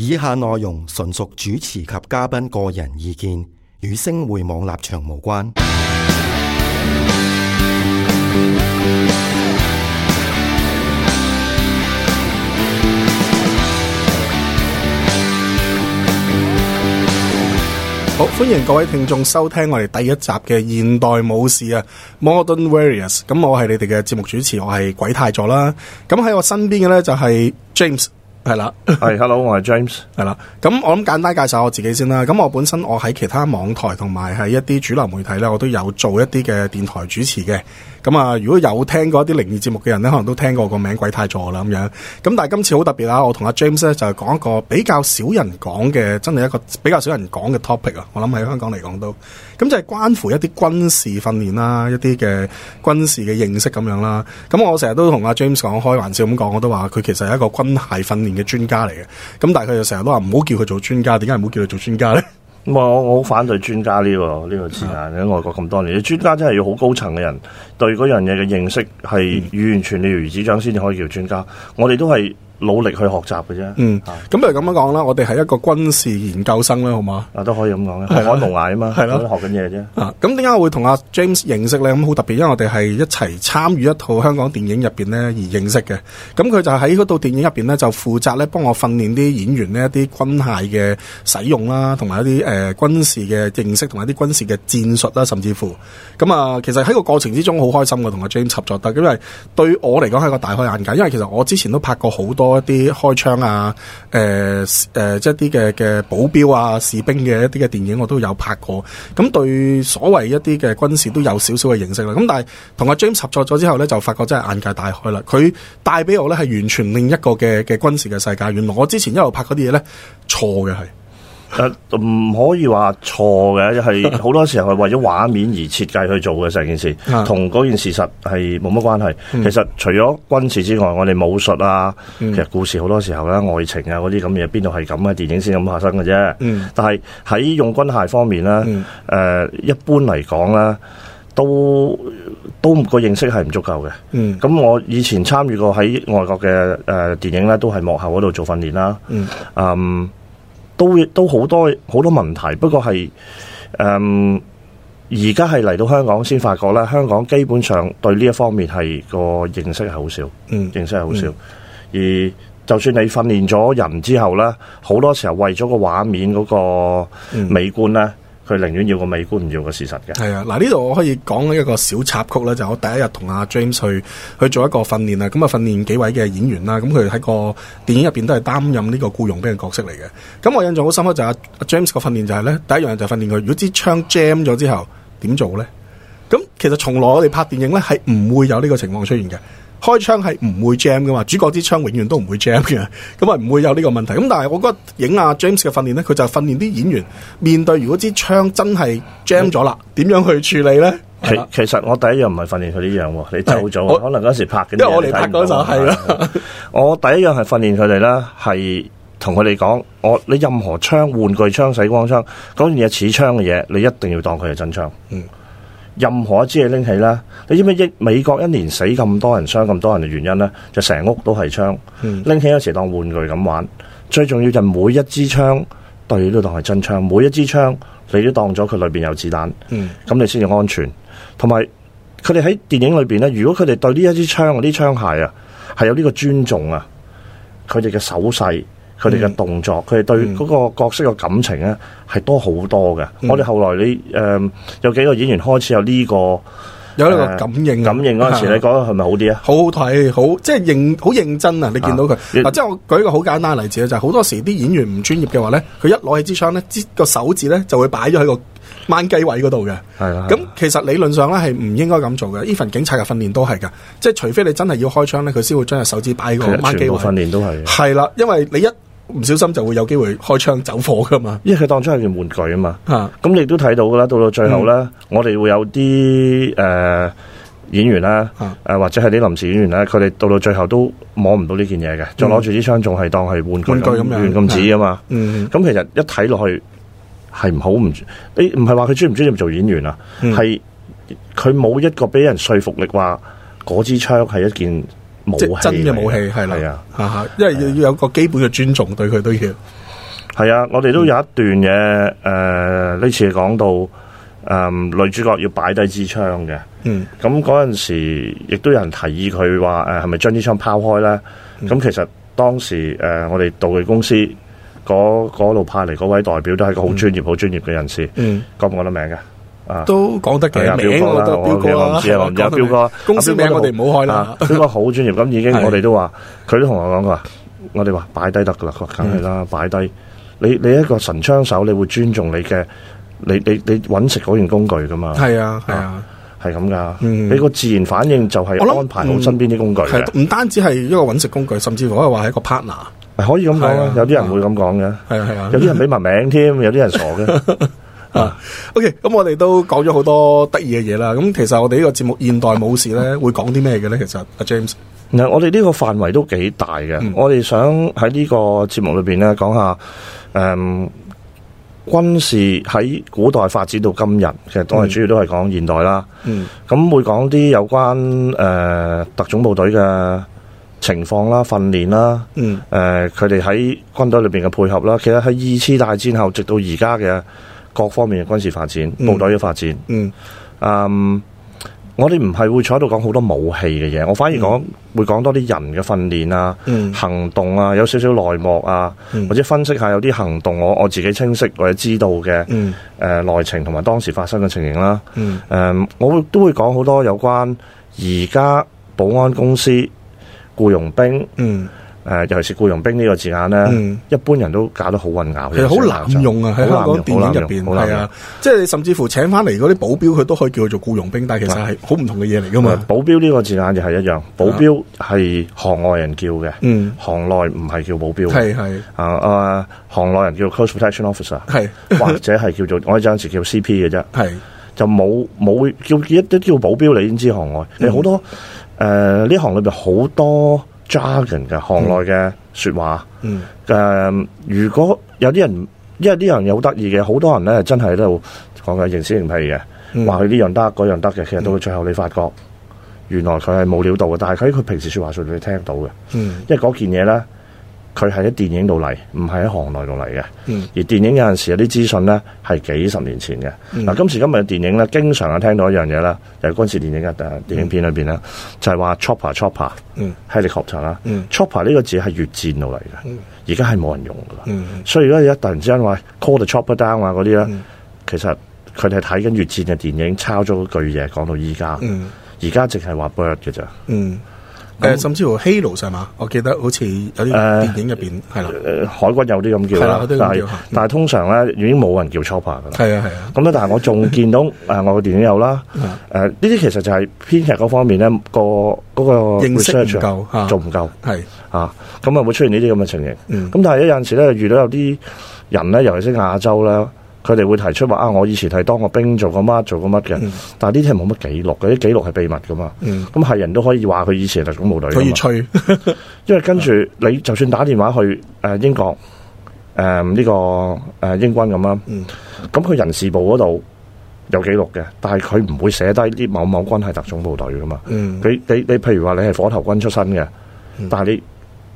以下內容純屬主持及嘉賓個人意見，與星匯網立場無關。好，歡迎各位聽眾收聽我哋第一集嘅現代武士啊，Modern Warriors。咁我係你哋嘅節目主持，我係鬼太座啦。咁喺我身邊嘅呢，就係 James。係啦，係 Hello，我係 James。係啦，咁我諗簡單介紹我自己先啦。咁我本身我喺其他網台同埋係一啲主流媒體咧，我都有做一啲嘅電台主持嘅。咁啊，如果有聽過一啲靈異節目嘅人咧，可能都聽過個名鬼太助啦咁樣。咁但係今次好特別啦，我同阿 James 咧就係講一個比較少人講嘅，真係一個比較少人講嘅 topic 啊。我諗喺香港嚟講都咁就係關乎一啲軍事訓練啦，一啲嘅軍事嘅認識咁樣啦。咁我成日都同阿 James 講開玩笑咁講，我都話佢其實係一個軍械訓練嘅專家嚟嘅，咁但佢又成日都話唔好叫佢做專家，點解唔好叫佢做專家咧？我我好反對專家呢、呢個呢、呢個字眼，你喺外國咁多年，專家真係要好高層嘅人對嗰樣嘢嘅認識係完全了如指掌先至可以叫專家。我哋都係努力去學習嘅啫。嗯，咁不如咁樣講啦，我哋係一個軍事研究生啦，好、啊、嘛？啊，都可以咁講係海龍牙啊嘛，喺度學緊嘢啫。咁點解我會同阿 James 認識咧？咁好特別，因為我哋係一齊參與一套香港電影入面咧而認識嘅。咁佢就喺嗰套電影入面咧，就負責咧幫我訓練啲演員呢一啲軍械嘅使用啦，同埋一啲誒、呃、軍事嘅認識，同埋一啲軍事嘅戰術啦，甚至乎咁啊、呃。其實喺個過程之中好開心嘅，同阿 James 合作得，因為對我嚟講係一個大開眼界，因為其實我之前都拍過好多。多一啲開槍啊，誒、呃、誒、呃，即係一啲嘅嘅保鏢啊，士兵嘅一啲嘅電影我都有拍過，咁對所謂一啲嘅軍事都有少少嘅認識啦。咁但係同阿 James 合作咗之後咧，就發覺真係眼界大開啦。佢帶俾我咧係完全另一個嘅嘅軍事嘅世界。原來我之前一路拍嗰啲嘢咧錯嘅係。誒，唔可以話錯嘅，係好多時候係為咗畫面而設計去做嘅成件事，同嗰件事實係冇乜關係、嗯。其實除咗軍事之外，我哋武術啊、嗯，其實故事好多時候咧，愛情啊嗰啲咁嘢，邊度係咁嘅電影先咁發生嘅啫、嗯。但係喺用軍械方面咧，誒、嗯呃，一般嚟講咧，都都，都唔個認識係唔足夠嘅。咁、嗯、我以前參與過喺外國嘅誒、呃、電影咧，都係幕後嗰度做訓練啦。嗯。嗯都都好多好多問題，不過係誒而家係嚟到香港先發覺咧，香港基本上對呢一方面係個認識係好少，嗯，認識係好少，嗯。而就算你訓練咗人之後咧，好多時候為咗個畫面嗰個美觀咧。嗯嗯佢寧願要個美觀，唔要個事實嘅。係啊，嗱呢度我可以講一個小插曲咧，就係、我第一日同阿 James 去去做一個訓練啊，咁啊訓練幾位嘅演員啦，咁佢喺個電影入邊都係擔任呢個僱傭兵嘅角色嚟嘅。咁我印象好深刻，就阿 James 個訓練就係、係、咧第一樣就訓練佢，如果支槍 jam 咗之後點做咧？咁其實從來我哋拍電影咧係唔會有呢個情況出現嘅。開槍係唔會 jam 噶嘛，主角支槍永遠都唔會 jam 嘅，咁啊唔會有呢個問題。咁但係我覺得影阿 James 嘅訓練咧，佢就訓練啲演員面對如果支槍真係 jam 咗啦，點樣去處理咧？其其實我第一樣唔係訓練佢呢樣，你走咗，可能嗰時拍嘅，因為我嚟拍嗰陣係咯。我第一樣係訓練佢哋啦，係同佢哋講，我你任何槍，玩具槍、洗光槍，講完嘢似槍嘅嘢，你一定要當佢係真槍。嗯。任何一支嘢拎起咧，你知唔知美國一年死咁多人傷、傷咁多人嘅原因咧？就成屋都係槍，拎、嗯、起嗰時當玩具咁玩。最重要就每一支槍，對你都當係真槍，每一支槍你都當咗佢裏邊有子彈，咁、嗯、你先至安全。同埋佢哋喺電影裏邊咧，如果佢哋對呢一支槍、啲槍械啊，係有呢個尊重啊，佢哋嘅手勢。佢哋嘅動作，佢、嗯、哋對嗰個角色嘅感情咧，係、嗯、多好多嘅。我、嗯、哋後來你誒、um, 有幾個演員開始有呢、呢個有呢個感應，呃、感應嗰陣時咧，你覺得係咪好啲啊？好好睇，好即係認好認真啊！啊你見到佢嗱、啊啊，即係我舉一個好簡單嘅例子啦，就係、是、好多時啲演員唔專業嘅話咧，佢一攞起支槍咧，支個手指咧就會擺咗喺個掹機位嗰度嘅。係咁，其實理論上咧係唔應該咁做嘅。呢份警察嘅訓練都係㗎，即係除非你真係要開槍咧，佢先會將隻手指擺個掹機位。全部訓練都係。係啦，因為你一唔小心就會有機會開槍走火噶嘛，因為佢當初係件玩具嘛啊嘛。咁你都睇到噶啦，到到最後咧，嗯、我哋會有啲誒、呃、演員啦、啊，誒、啊、或者係啲臨時演員咧、啊，佢哋到到最後都摸唔到呢件嘢嘅，再攞住支槍，仲係當係玩具，嗯、玩具咁樣，咁紙啊嘛。咁、嗯、其實一睇落去係唔好唔你唔係話佢專唔專業做演員啊，係佢冇一個俾人說服力話嗰支槍係一件。真嘅武器係啦，吓吓，因為要要有一個基本嘅尊重對佢都要是。係、嗯、啊，我哋都有一段嘅，誒、呃、呢次講到，誒、呃、女主角要擺低支槍嘅，嗯，咁嗰陣時亦都有人提議佢話，誒係咪將支槍拋開咧？咁、嗯、其實當時，誒、呃、我哋道具公司嗰度派嚟嗰位代表都係個好專業、好、嗯、專業嘅人士，嗯，講唔講得名嘅？都講得嘅，名、啊、我都我、啊啊啊、彪哥啦，知啦，有彪哥。公司名我哋唔好開啦、啊。彪哥好專業，咁已經我哋都話，佢、啊、都同我講過，我哋話擺低得噶啦，梗係啦，擺低、啊。你你一個神槍手，你會尊重你嘅，你你你，你揾食嗰件工具噶嘛？係啊，啊，啊，係啊，係咁噶。你個自然反應就係安排好身邊啲工具。唔、啊啊啊嗯、單止係一個揾食工具，甚至可以話係一個 partner。啊、可以咁講、啊啊啊，有啲人會咁講嘅。係係啊，有啲人俾埋名添，有啲人傻嘅。 啊，OK 咁我哋都講咗好多得意嘅嘢啦。咁其實我哋呢個節目「現代武士」咧，會講啲咩嘅咧？其實阿 James，我哋呢個範圍都幾大嘅、嗯。我哋想喺呢個節目裏邊咧，講下誒、嗯、軍事喺古代發展到今日，其實我哋主要都係講現代啦。咁、嗯嗯、會講啲有關誒、呃、特種部隊嘅情況啦、訓練啦，誒佢哋喺軍隊裏邊嘅配合啦。其實喺二次大戰後，直到而家嘅。各方面嘅軍事發展，嗯、部隊嘅發展，嗯，誒、um，我哋唔係會坐喺度講好多武器嘅嘢，我反而講、嗯、會講多啲人嘅訓練啊、嗯，行動啊，有少少內幕啊、嗯，或者分析下有啲行動我我自己清晰或者知道嘅，誒、嗯，呃、內情同埋當時發生嘅情形啦，誒、嗯，um, 我會都會講好多有關而家保安公司僱傭兵，嗯。誒、呃，尤其是僱傭兵呢個字眼咧、嗯，一般人都搞得好混淆。其實好難用啊，喺香港電影入邊，係啊，啊，即係甚至乎請翻嚟嗰啲保鏢，佢都可以叫佢做僱傭兵，但係其實係好唔同嘅嘢嚟㗎嘛。保鏢呢個字眼就係一樣，保鏢係行外人叫嘅、嗯，行內唔係叫保鏢。係係啊行內人叫 close protection officer，係或者係叫做 我哋陣時叫 CP 嘅啫，係就冇冇叫一啲叫，叫保鏢，你已經知行外。你好多誒呢行裏面好多。呃 Jargon 嘅行內嘅說話，誒、嗯呃，如果有啲人，因為啲人有得意嘅，好多人咧真係喺度講緊認屎認屁嘅，話佢呢樣得嗰樣得嘅，其實到最後你發覺，原來佢係冇料到嘅，但係佢喺佢平時説話上面你聽到嘅、嗯，因為嗰件嘢咧。佢係喺電影度嚟，唔係喺行內度嚟嘅。而電影的候有陣時有啲資訊咧係幾十年前嘅。嗱、嗯啊，今時今日嘅電影咧，經常啊聽到一樣嘢啦，又係嗰陣時電影嘅電影片裏邊咧，就係、是、話 chopper chopper，helicopter 啦。chopper 呢、這個字係越戰度嚟嘅，而家係冇人用噶、嗯。所以如果一突然之間話 call the chopper down 啊嗰啲咧，其實佢哋係睇緊越戰嘅電影，抄咗句嘢講到依家。嗯、現在只是說而家淨係話 bird 嘅咋。嗯誒、呃，甚至乎 halo 上嘛，我記得好似有啲電影入邊，係啦，海軍有啲咁叫，係啦，有啲咁叫，但係通常咧已經冇人叫 Chopper 噶啦，係啊係啊。咁咧，但係我仲見到誒，我國電影有啦，誒、呢、呃、啲其實就係編劇嗰方面咧、那個嗰、那個認識唔夠，仲唔夠，係啊，咁啊會出現呢啲咁嘅情形。咁、嗯、但係有陣時咧遇到有啲人咧，尤其是亞洲啦。佢哋會提出話啊，我以前係當個兵做過、做個乜、做個乜嘅，但係呢啲係冇乜記錄嘅，啲記錄係秘密噶嘛。咁、嗯、係人都可以話佢以前係特種部隊。可以吹，因為跟住你就算打電話去誒、呃、英國誒呢、呃這個誒、呃、英軍咁啦，咁、嗯、佢人事部嗰度有記錄嘅，但係佢唔會寫低啲某某軍係特種部隊噶嘛。你、嗯、你你，你譬如話你係火頭軍出身嘅、嗯，但係你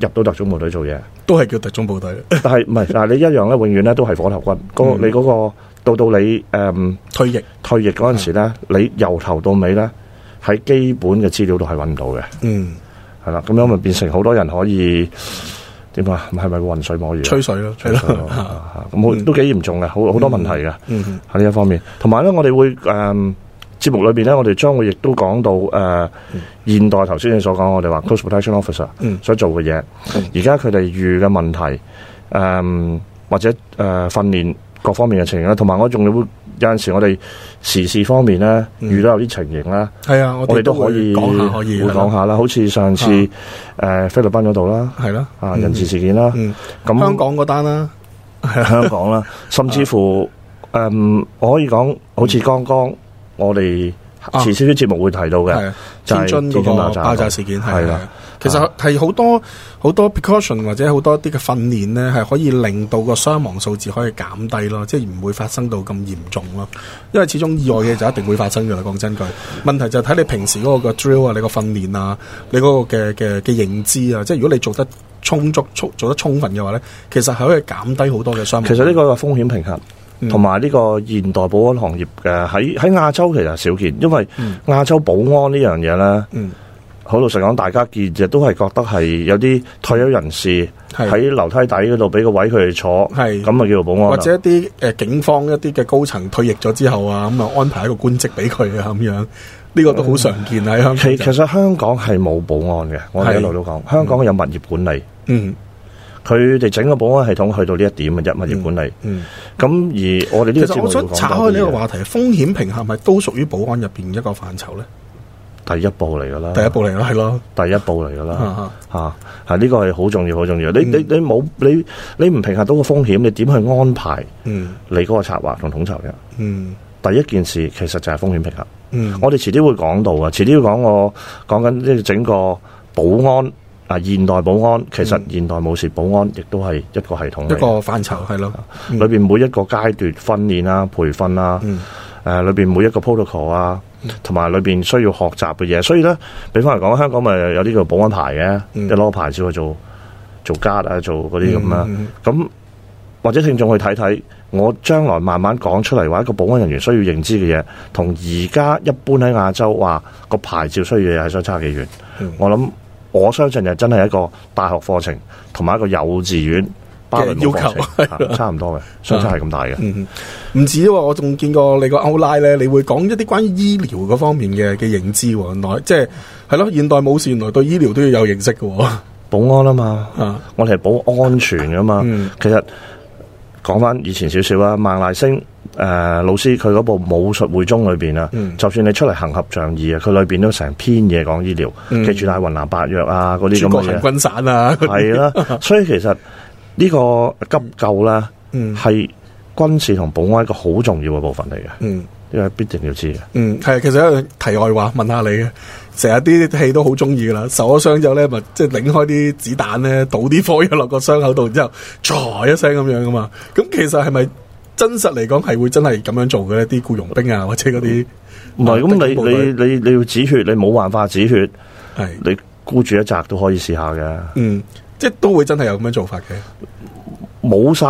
入到特種部隊做嘢。都係叫特種部隊啦，但係唔係嗱，你一樣咧，永遠咧都係火頭軍。嗰你嗰個到到你誒退役退役嗰陣時咧，你由頭到尾咧喺基本嘅資料度係揾唔到嘅。嗯，係啦，咁樣咪變成好多人可以點啊？咁係咪混水摸魚？吹水咯，吹水咯，咁都幾嚴重嘅，好好多問題嘅。嗯，喺呢一方面，同埋咧，我哋會誒。節目裏邊咧，我哋將會亦都講到，誒、呃，現代，頭先你所講，我哋話 close protection officer，所、嗯、做嘅嘢，而家佢哋遇嘅問題，誒、嗯，或者誒訓練各方面嘅情形啦，同埋我仲有，有陣時我哋時事方面咧、嗯，遇到有啲情形啦，係、嗯、啊，我哋都可以講下，可以，我都會講下啦，好似上次誒、啊呃、菲律賓嗰度啦，係啦啊，人質事件啦、嗯，香港嗰單啦， 香港啦，甚至乎、啊，嗯，我可以講，好似剛剛。嗯我哋遲少少節目會提到嘅，就係天津呢個爆炸事件係啦。其實係好多好多 precaution 或者好多啲嘅訓練咧，係可以令到個傷亡數字可以減低咯，即係唔會發生到咁嚴重咯。因為始終意外嘅就一定會發生嘅啦。講真句，問題就係睇你平時嗰個 drill 啊，你個訓練啊，你嗰個嘅嘅嘅認知啊，即係如果你做得充足、足做得充分嘅話咧，其實係可以減低好多嘅傷亡。其實呢個風險平衡。同埋呢個現代保安行業嘅喺喺亞洲其實少見，因為亞洲保安呢樣嘢咧，好、嗯、老實講，大家見其實都係覺得係有啲退休人士喺樓梯底嗰度俾個位佢哋坐，咁啊叫做保安，或者一啲誒警方一啲嘅高層退役咗之後啊，咁啊安排一個官職俾佢啊咁樣，呢、這個都好常見喺、嗯、香港其，其實香港係冇保安嘅，我一路都講香港有物業管理。嗯。佢哋整個保安系統去到呢一點日一物業管理。嗯，咁、嗯、而我哋呢個節目其實我想拆開呢個話題，風險評核係咪都屬於保安入邊一個範疇咧？第一步嚟噶啦第一步嚟啦，係咯，第一步嚟噶啦吓、啊、呢、啊啊，這個係好重要，好重要。你你你冇你你唔平衡到個風險，你點去安排？嗯，你嗰個策劃同統籌嘅。嗯，第一件事其實就係風險評核。嗯，我哋遲啲會講到啊，遲啲講我講緊整個保安。啊！現代保安其實現代武士，保安亦都係一個系統，一個範疇係咯。裏邊每一個階段訓練啊、培訓啊，誒裏邊每一個 protocol 啊，同埋裏面需要學習嘅嘢。所以咧，比方嚟講，香港咪有呢個保安牌嘅，一攞牌照去做做 guard 啊，做嗰啲咁啦。咁或者聽眾去睇睇，我將來慢慢講出嚟話一個保安人員需要認知嘅嘢，同而家一般喺亞洲話、個牌照需要嘢係相差幾遠。嗯、我諗。我相信就真係一個大學課程，同埋一個幼稚園嘅要求 差唔多嘅，相差係咁大嘅。唔止啊，嗯、止我仲見過你個歐拉咧，你會講一啲關於醫療嗰方面嘅嘅認知。原來即係係咯，現代武士原來對醫療都要有認識嘅。保安啦嘛，啊、我哋係保安全噶嘛、啊嗯。其實講翻以前少少啦，孟籟星。誒、呃，老師佢嗰部武術匯宗裏邊啊、嗯，就算你出嚟行俠仗義他面、嗯、啊，佢裏邊都成篇嘢講醫療，其實係雲南白藥啊嗰啲咁嘅，行軍散啊係啦， 所以其實呢個急救啦，係、嗯、軍事同保安一個好重要嘅部分嚟嘅，嗯，呢個必定要知嘅，嗯，係，其實一樣題外話，問，問一下你嘅，成日啲戲都好中意噶啦，受咗傷之後咧，咪即係擰開啲子彈咧，倒啲火藥落個傷口度，然之後，咗一聲咁樣噶嘛，咁其實係咪？真實嚟講係會真係咁樣做嘅，一啲僱傭兵啊，或者嗰啲唔係咁，你你你你要止血，你冇辦法止血，係你孤注一擲都可以試下嘅，嗯，即係都會真係有咁樣做法嘅。冇晒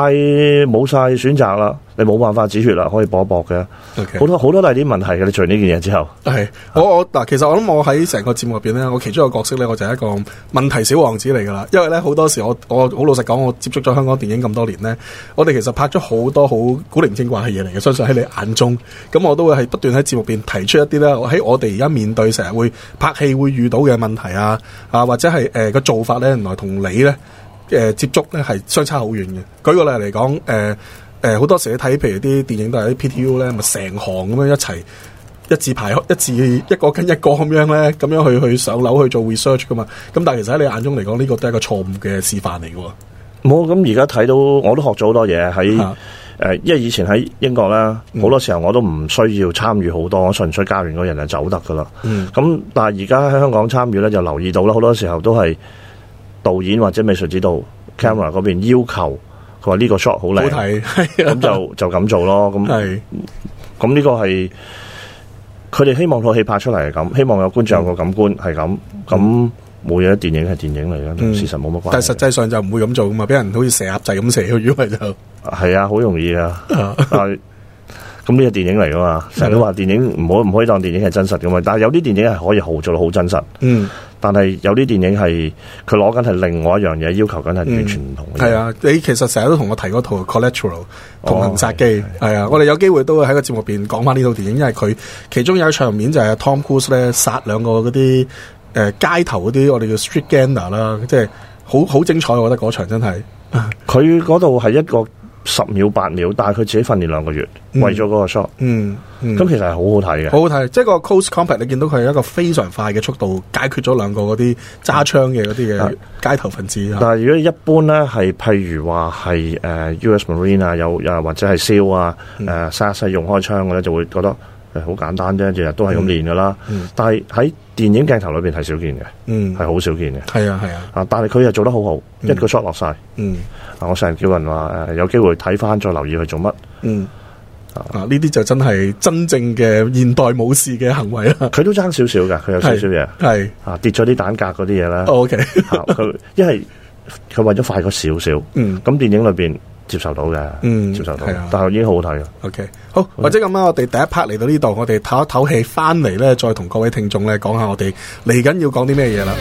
冇晒選擇啦，你冇辦法止血啦，可以搏一搏嘅。好、okay. 多好多都係啲問題嘅，你做完呢件嘢之後，係我我嗱，其實我諗我喺成個節目入邊咧，我其中一個角色咧，我就係一個問題小王子嚟噶啦。因為咧，好多時我我好老實講，我接觸咗香港電影咁多年咧，我哋其實拍咗好多好古靈精怪嘅嘢嚟嘅，相信喺你眼中，咁我都會係不斷喺節目邊提出一啲咧，喺我哋而家面對成日會拍戲會遇到嘅問題啊啊，或者係誒個做法咧，原來同你咧。誒接觸咧係相差好遠嘅。舉個例嚟講，誒誒好多時你睇，譬如啲電影都係啲 PTU 咧，咪成行咁樣一齊一字排一字一個跟一個咁樣咧，咁樣去去上樓去做 research 噶嘛。咁但係其實喺你眼中嚟講，呢個都係一個錯誤嘅示範嚟嘅。冇咁而家睇到我都學咗好多嘢，喺因為以前喺英國咧，好多時候我都唔需要參與好多、嗯，我純粹教完個人就走得噶啦。咁、嗯、但係而家喺香港參與咧就留意到啦，好多時候都係。導演或者美術指導 camera 嗰邊要求佢話呢個 shot 好靚，好睇、啊、咁就就咁做咯。咁咁呢個係佢哋希望套戲拍出嚟係咁，希望有觀眾有個感官係咁。咁冇嘢，電影係電影嚟嘅、嗯，事實冇乜關係。但係實際上就唔會咁做噶嘛，俾人好似蛇鴨仔咁蛇。如果係就係啊，好容易的啊。咁呢個電影嚟噶嘛，成日都話電影唔好唔可以當電影係真實噶嘛。但係有啲電影係可以好做到好真實。嗯。但係有啲電影係佢攞緊係另外一樣嘢，要求緊係完全唔同嘅。係、嗯、啊，你其實成日都同我提嗰套《Collateral》《同行殺機》係、哦、啊、啊、啊、啊，我哋有機會都會喺個節目邊講翻呢套電影，因為佢其中有一場面就係 Tom Cruise 咧殺兩個嗰啲誒街頭嗰啲我哋叫 Street Gangster 啦，即係好好精彩，我覺得嗰場真係佢嗰度係一個。十秒八秒，但係佢自己訓練兩個月，嗯、為咗嗰個 shot，嗯，咁、嗯、其實係好好睇嘅，好好睇，即係個 close combat，你見到佢係一個非常快嘅速度解決咗兩個嗰啲揸槍嘅嗰啲嘅街頭分子。是是，但係如果一般咧，係譬如話係誒、呃、U S Marine 啊，有誒或者係 Seal 啊誒 SAS 用開槍嘅咧，就會覺得。好簡單啫，日日都係咁練噶啦。但係喺電影鏡頭裏邊係少見嘅，係、嗯、好少見嘅。係啊係啊，但係佢又做得好好，嗯，一個 shot 落曬。嗯，我成日叫人話誒，有機會睇翻，再留意佢做乜。嗯，啊呢啲，啊、就真係真正嘅現代武士嘅行為啦。佢都爭少少嘅，佢有少少嘢。係啊，跌咗啲蛋格嗰啲嘢啦。O K，佢一佢為咗快過少少。嗯，咁電影裏邊。接受到嘅，嗯，接受到的，係啊，但係已經好好睇嘅。OK，好，okay。或者咁啊，我哋第一 part 嚟到呢度，我哋唞一唞氣，翻嚟咧，再同各位聽眾咧講下我哋嚟緊要講啲咩嘢啦。